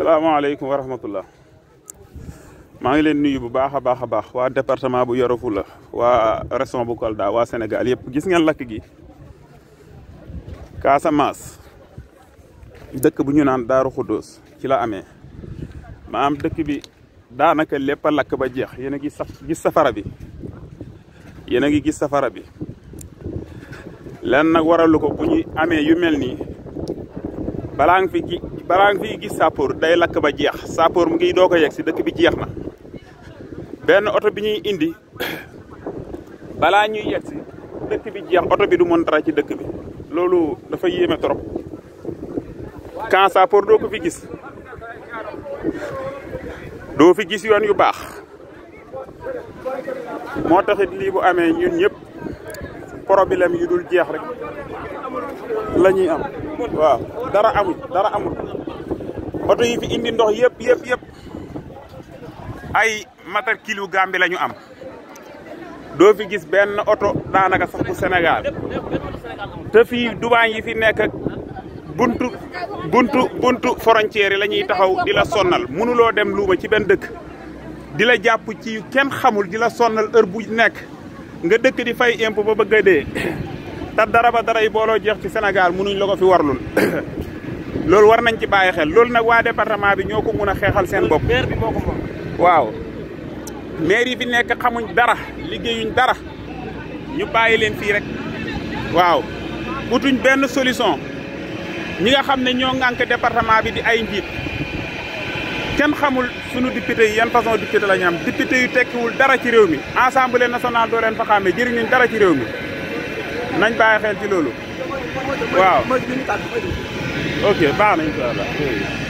السلام عليكم ورحمة الله معي لنيو بباخ باخ باخ وا ديبارتمان بو يورو فولا وا ريسون بو كولدا وا سينيغال ييب غيس نين لاك جي كاساماس دك بو ني نان دارو خدوس سي لا امي ما ام دك بي أنا ليبا لاك با جيخ يينغي صف غي سفارا بي يينغي غي سفارا بي لان نك ورالوكو بو ني امي يو ملني balaa nga fi balaa nga fi gis sapor day lakk ba jeex sapeur mu ngi doo ko yegg si dëkk bi jeex na benn oto bi ñuy indi balaa ñuy yegg si dëkk bi jeex oto bi du mën dara ci dëkk bi loolu dafa yéeme trop quand sapeur doo ko fi gis doo fi gis yoon yu baax moo taxit lii bu amee ñun ñëpp problème yu dul jeex rek lañuy am waaw dara amuñ dara amul oto yi fi indi ndox yëpp yëpp yëpp ay matar kilu gambi la am doo fi gis benn oto daanaka sax bu Sénégal te fii douane yi fi nekk ak buntu buntu buntu frontière yi la taxaw di la sonnal mënuloo dem luuma ci benn dëkk di la jàpp ci kenn xamul di la sonnal heure bu nekk nga dëkk di fay impôt ba bëgg a dee te dara ba dara yi booloo jeex ci senegal munuñ la ko fi warlul loolu war nañ ci bàyyi xel loolu nag waa département bi ñoo ko mun a xeexal seen bopp. maire bi waaw maire yi fi nekk xamuñ dara liggéeyuñ dara ñu bàyyi leen fii rek waaw utuñ benn solution ñi nga xam ne ñoo ŋànk département bi di ay njiit. kenn xamul sunu député yi yan façon député la ñu am député yu tekkiwul dara ci réew mi assemblée nationale doo leen fa xàmmee dara ci réew mi nañ bàyyi xel ci loolu waaw ok baax nañ ko